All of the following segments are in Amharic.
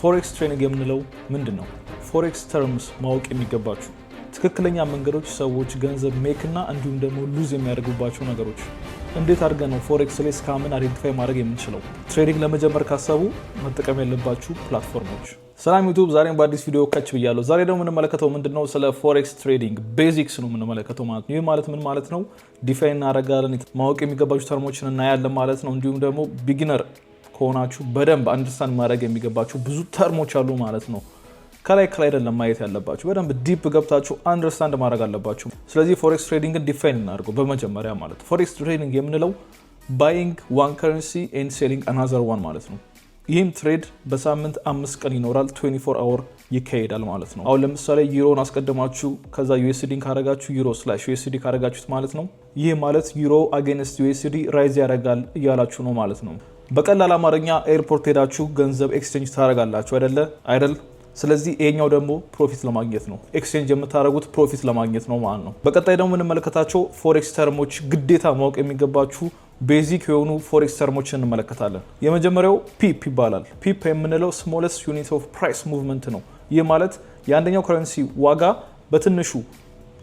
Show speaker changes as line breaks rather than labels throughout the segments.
ፎሬክስ ትሬኒንግ የምንለው ምንድን ነው? ፎሬክስ ተርምስ ማወቅ የሚገባችሁ ትክክለኛ መንገዶች ሰዎች ገንዘብ ሜክ እና እንዲሁም ደግሞ ሉዝ የሚያደርጉባቸው ነገሮች። እንዴት አድርገን ነው ፎሬክስ ላይ እስካምን አይዴንቲፋይ ማድረግ የምንችለው? ትሬዲንግ ለመጀመር ካሰቡ መጠቀም ያለባችሁ ፕላትፎርሞች። ሰላም ዩቱብ፣ ዛሬም በአዲስ ቪዲዮ ከች ብያለሁ። ዛሬ ደግሞ የምንመለከተው ምንድን ነው? ስለ ፎሬክስ ትሬዲንግ ቤዚክስ ነው የምንመለከተው ማለት ነው። ይህ ማለት ምን ማለት ነው? ዲፋይን እናደርጋለን፣ ማወቅ የሚገባችሁ ተርሞችን እናያለን ማለት ነው። እንዲሁም ደግሞ ቢጊነር ከሆናችሁ በደንብ አንደርስታንድ ማድረግ የሚገባችሁ ብዙ ተርሞች አሉ ማለት ነው። ከላይ ከላይ አይደለም ማየት ያለባችሁ፣ በደንብ ዲፕ ገብታችሁ አንደርስታንድ ማድረግ አለባችሁ። ስለዚህ ፎሬክስ ትሬዲንግን ዲፋይን እናድርገው በመጀመሪያ ማለት ፎሬክስ ትሬዲንግ የምንለው ባይንግ ዋን ከረንሲ ኤንድ ሴሊንግ አናዘር ዋን ማለት ነው። ይህም ትሬድ በሳምንት አምስት ቀን ይኖራል። 24 አወር ይካሄዳል ማለት ነው። አሁን ለምሳሌ ዩሮን አስቀድማችሁ ከዛ ዩኤስዲን ካረጋችሁ ዩሮ ስላሽ ዩኤስዲ ካረጋችሁት ማለት ነው። ይህ ማለት ዩሮ አጌንስት ዩኤስዲ ራይዝ ያደርጋል እያላችሁ ነው ማለት ነው። በቀላል አማርኛ ኤርፖርት ሄዳችሁ ገንዘብ ኤክስቼንጅ ታደርጋላችሁ አይደለ? አይደል? ስለዚህ ይሄኛው ደግሞ ፕሮፊት ለማግኘት ነው። ኤክስቼንጅ የምታደርጉት ፕሮፊት ለማግኘት ነው ማለት ነው። በቀጣይ ደግሞ የምንመለከታቸው ፎሬክስ ተርሞች ግዴታ ማወቅ የሚገባችሁ ቤዚክ የሆኑ ፎሬክስ ተርሞችን እንመለከታለን። የመጀመሪያው ፒፕ ይባላል። ፒፕ የምንለው ስሞለስ ዩኒት ኦፍ ፕራይስ ሙቭመንት ነው። ይህ ማለት የአንደኛው ከረንሲ ዋጋ በትንሹ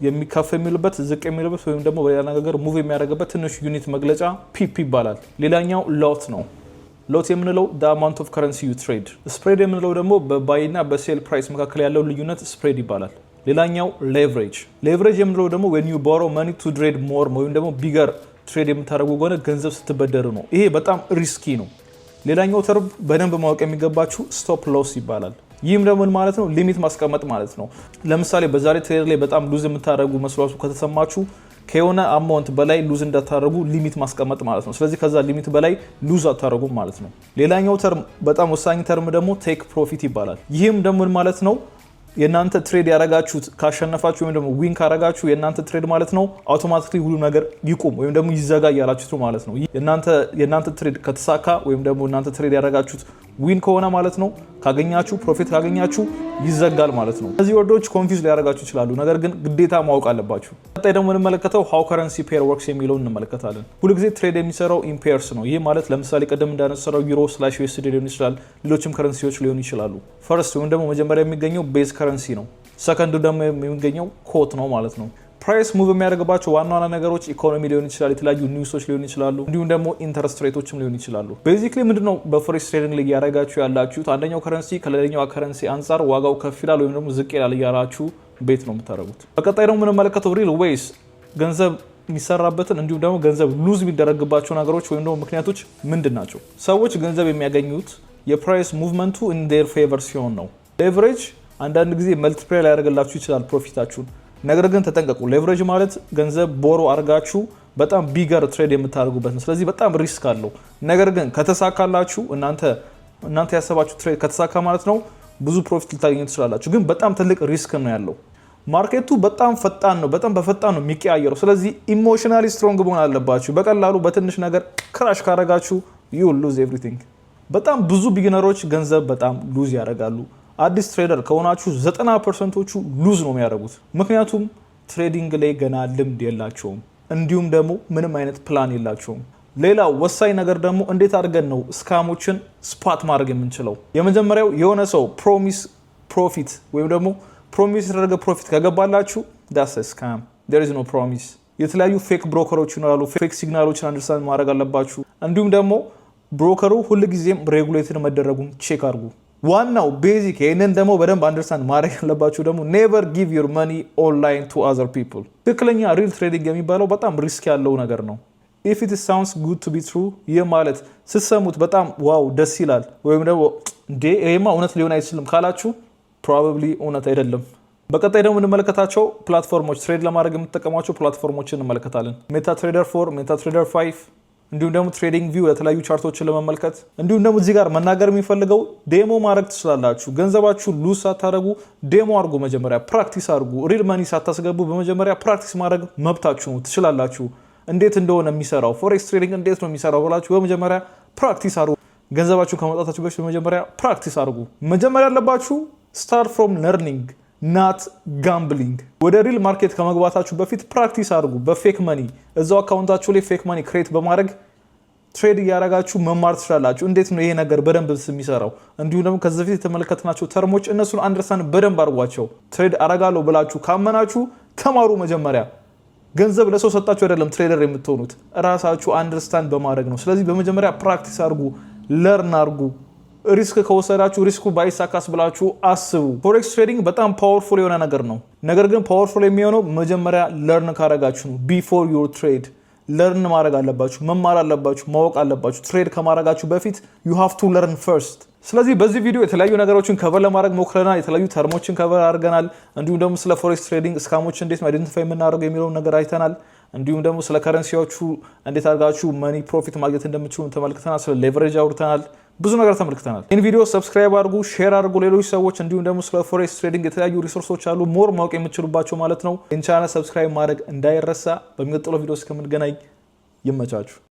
የሚካፍ የሚልበት ዝቅ የሚልበት ወይም ደግሞ በሌላ ነገር ሙቭ የሚያደርግበት ትንሹ ዩኒት መግለጫ ፒፕ ይባላል። ሌላኛው ሎት ነው። ሎት የምንለው አማውንት ኦፍ ከረንሲ ዩ ትሬድ፣ ስፕሬድ የምንለው ደግሞ በባይ እና በሴል ፕራይስ መካከል ያለው ልዩነት ስፕሬድ ይባላል። ሌላኛው ሌቨሬጅ፣ ሌቨሬጅ የምንለው ደግሞ ዌን ዩ ቦሮ መኒ ቱ ትሬድ ሞር ወይም ደግሞ ቢገር ትሬድ የምታደርጉ ከሆነ ገንዘብ ስትበደሩ ነው። ይሄ በጣም ሪስኪ ነው። ሌላኛው ተርብ በደንብ ማወቅ የሚገባችሁ ስቶፕ ሎስ ይባላል። ይህም ደግሞ ማለት ነው ሊሚት ማስቀመጥ ማለት ነው። ለምሳሌ በዛሬ ትሬድ ላይ በጣም ሉዝ የምታደርጉ መስሏችሁ ከተሰማችሁ ከሆነ አማውንት በላይ ሉዝ እንዳታደርጉ ሊሚት ማስቀመጥ ማለት ነው። ስለዚህ ከዛ ሊሚት በላይ ሉዝ አታደርጉም ማለት ነው። ሌላኛው ተርም በጣም ወሳኝ ተርም ደግሞ ቴክ ፕሮፊት ይባላል። ይህም ደግሞ ማለት ነው የእናንተ ትሬድ ያረጋችሁት ካሸነፋችሁ ወይም ደግሞ ዊን ካረጋችሁ የእናንተ ትሬድ ማለት ነው አውቶማቲክሊ ሁሉ ነገር ይቁም ወይም ደግሞ ይዘጋ እያላችሁት ማለት ነው። የእናንተ ትሬድ ከተሳካ ወይም ደግሞ እናንተ ትሬድ ያረጋችሁት ዊን ከሆነ ማለት ነው ካገኛችሁ ፕሮፊት ካገኛችሁ ይዘጋል ማለት ነው። እነዚህ ወርዶች ኮንፊውዝ ሊያደርጋችሁ ይችላሉ፣ ነገር ግን ግዴታ ማወቅ አለባችሁ። ቀጣይ ደግሞ እንመለከተው ሃው ከረንሲ ፔር ወርክስ የሚለውን እንመለከታለን። ሁልጊዜ ትሬድ የሚሰራው ኢምፔርስ ነው። ይህ ማለት ለምሳሌ ቀደም እንዳነሰረው ዩሮ ስላሽ ዩኤስዲ ሊሆን ይችላል፣ ሌሎችም ከረንሲዎች ሊሆኑ ይችላሉ። ፈርስት ወይም ደግሞ መጀመሪያ የሚገኘው ቤዝ ከረንሲ ነው። ሰከንዱ ደግሞ የሚገኘው ኮት ነው ማለት ነው። ፕራይስ ሙቭ የሚያደርግባቸው ዋና ዋና ነገሮች ኢኮኖሚ ሊሆን ይችላል፣ የተለያዩ ኒውሶች ሊሆን ይችላሉ፣ እንዲሁም ደግሞ ኢንተረስት ሬቶችም ሊሆን ይችላሉ። ቤዚክሊ ምንድነው በፎሬክስ ትሬዲንግ ላይ እያደረጋችሁ ያላችሁት? አንደኛው ከረንሲ ከሌላኛው ከረንሲ አንጻር ዋጋው ከፍ ይላል ወይም ደግሞ ዝቅ ይላል እያላችሁ ቤት ነው የምታደርጉት። በቀጣይ ደግሞ የምንመለከተው ሪል ዌይስ ገንዘብ የሚሰራበትን እንዲሁም ደግሞ ገንዘብ ሉዝ የሚደረግባቸው ነገሮች ወይም ደግሞ ምክንያቶች ምንድን ናቸው? ሰዎች ገንዘብ የሚያገኙት የፕራይስ ሙቭመንቱ ኢን ዴር ፌቨር ሲሆን ነው። ሌቨሬጅ አንዳንድ ጊዜ መልቲፕላይ ሊያደርግላችሁ ይችላል ፕሮፊታችሁን ነገር ግን ተጠንቀቁ። ሌቨሬጅ ማለት ገንዘብ ቦሮ አድርጋችሁ በጣም ቢገር ትሬድ የምታደርጉበት ነው። ስለዚህ በጣም ሪስክ አለው። ነገር ግን ከተሳካላችሁ እናንተ እናንተ ያሰባችሁ ትሬድ ከተሳካ ማለት ነው ብዙ ፕሮፊት ልታገኙ ትችላላችሁ። ግን በጣም ትልቅ ሪስክ ነው ያለው። ማርኬቱ በጣም ፈጣን ነው፣ በጣም በፈጣን ነው የሚቀያየረው። ስለዚህ ኢሞሽናሊ ስትሮንግ መሆን አለባችሁ። በቀላሉ በትንሽ ነገር ክራሽ ካረጋችሁ ዩ ሉዝ ኤቭሪቲንግ። በጣም ብዙ ቢግነሮች ገንዘብ በጣም ሉዝ ያደርጋሉ። አዲስ ትሬደር ከሆናችሁ ዘጠና ፐርሰንቶቹ ሉዝ ነው የሚያደርጉት። ምክንያቱም ትሬዲንግ ላይ ገና ልምድ የላቸውም፣ እንዲሁም ደግሞ ምንም አይነት ፕላን የላቸውም። ሌላ ወሳኝ ነገር ደግሞ እንዴት አድርገን ነው ስካሞችን ስፓት ማድረግ የምንችለው? የመጀመሪያው የሆነ ሰው ፕሮሚስ ፕሮፊት ወይም ደግሞ ፕሮሚስ የተደረገ ፕሮፊት ከገባላችሁ ዳስ ስካም ዴር ኢዝ ኖ ፕሮሚስ። የተለያዩ ፌክ ብሮከሮች ይኖራሉ። ፌክ ሲግናሎችን አንደርስታንድ ማድረግ አለባችሁ። እንዲሁም ደግሞ ብሮከሩ ሁልጊዜም ሬጉሌትድ መደረጉን ቼክ አድርጉ። ዋናው ቤዚክ ይህንን ደግሞ በደንብ አንደርስታንድ ማድረግ ያለባችሁ ደግሞ ኔቨር ጊቭ ዩር መኒ ኦንላይን ቱ አዘር ፒፕል። ትክክለኛ ሪል ትሬዲንግ የሚባለው በጣም ሪስክ ያለው ነገር ነው። ኢፍ ኢት ጉድ ቱ ቢ ትሩ፣ ይህ ማለት ስትሰሙት በጣም ዋው ደስ ይላል ወይም ደግሞ እንዴ ይሄማ እውነት ሊሆን አይችልም ካላችሁ ፕሮባብሊ እውነት አይደለም። በቀጣይ ደግሞ የምንመለከታቸው ፕላትፎርሞች ትሬድ ለማድረግ የምትጠቀሟቸው ፕላትፎርሞች እንመለከታለን። ሜታ ትሬደር ፎር፣ ሜታ ትሬደር ፋይቭ እንዲሁም ደግሞ ትሬዲንግ ቪው የተለያዩ ቻርቶችን ለመመልከት እንዲሁም ደግሞ እዚህ ጋር መናገር የሚፈልገው ዴሞ ማድረግ ትችላላችሁ። ገንዘባችሁ ሉዝ ሳታደርጉ ዴሞ አድርጉ። መጀመሪያ ፕራክቲስ አድርጉ። ሪል መኒ ሳታስገቡ በመጀመሪያ ፕራክቲስ ማድረግ መብታችሁ ነው፣ ትችላላችሁ። እንዴት እንደሆነ የሚሰራው ፎሬክስ ትሬዲንግ እንዴት ነው የሚሰራው ብላችሁ በመጀመሪያ ፕራክቲስ አድርጉ። ገንዘባችሁን ከማውጣታችሁ በፊት በመጀመሪያ ፕራክቲስ አድርጉ። መጀመሪያ ያለባችሁ ስታርት ፍሮም ለርኒንግ ናት ጋምብሊንግ። ወደ ሪል ማርኬት ከመግባታችሁ በፊት ፕራክቲስ አድርጉ። በፌክ መኒ እዛው አካውንታችሁ ላይ ፌክ መኒ ክሬት በማድረግ ትሬድ እያደረጋችሁ መማር ትችላላችሁ። እንዴት ነው ይሄ ነገር በደንብ የሚሰራው? እንዲሁም ደግሞ ከዚህ በፊት የተመለከትናቸው ተርሞች እነሱን አንደርስታንድ በደንብ አድርጓቸው። ትሬድ አረጋለሁ ብላችሁ ካመናችሁ ተማሩ። መጀመሪያ ገንዘብ ለሰው ሰጣችሁ አይደለም ትሬደር የምትሆኑት እራሳችሁ አንደርስታንድ በማድረግ ነው። ስለዚህ በመጀመሪያ ፕራክቲስ አድርጉ፣ ለርን አድርጉ። ሪስክ ከወሰዳችሁ ሪስኩ ባይሳካስ ብላችሁ አስቡ። ፎሬክስ ትሬዲንግ በጣም ፓወርፉል የሆነ ነገር ነው። ነገር ግን ፓወርፉል የሚሆነው መጀመሪያ ለርን ካረጋችሁ ነው። ቢፎር ዩር ትሬድ ለርን ማድረግ አለባችሁ፣ መማር አለባችሁ፣ ማወቅ አለባችሁ። ትሬድ ከማድረጋችሁ በፊት ዩ ሃቭ ቱ ለርን ፈርስት። ስለዚህ በዚህ ቪዲዮ የተለያዩ ነገሮችን ከቨር ለማድረግ ሞክረናል። የተለያዩ ተርሞችን ከቨር አድርገናል። እንዲሁም ደግሞ ስለ ፎሬክስ ትሬዲንግ እስካሞች እንዴት አይደንቲፋይ የምናደርገው የሚለውን ነገር አይተናል። እንዲሁም ደግሞ ስለ ከረንሲዎቹ እንዴት አድርጋችሁ መኒ ፕሮፊት ማግኘት እንደምችሉ ተመልክተናል። ስለ ሌቨሬጅ አውርተናል። ብዙ ነገር ተመልክተናል። ይህን ቪዲዮ ሰብስክራይብ አድርጉ፣ ሼር አድርጉ ሌሎች ሰዎች እንዲሁም ደግሞ ስለ ፎሬክስ ትሬዲንግ የተለያዩ ሪሶርሶች አሉ ሞር ማወቅ የምችሉባቸው ማለት ነው። ይህን ቻናል ሰብስክራይብ ማድረግ እንዳይረሳ። በሚቀጥለው ቪዲዮ እስከምንገናኝ ይመቻችሁ።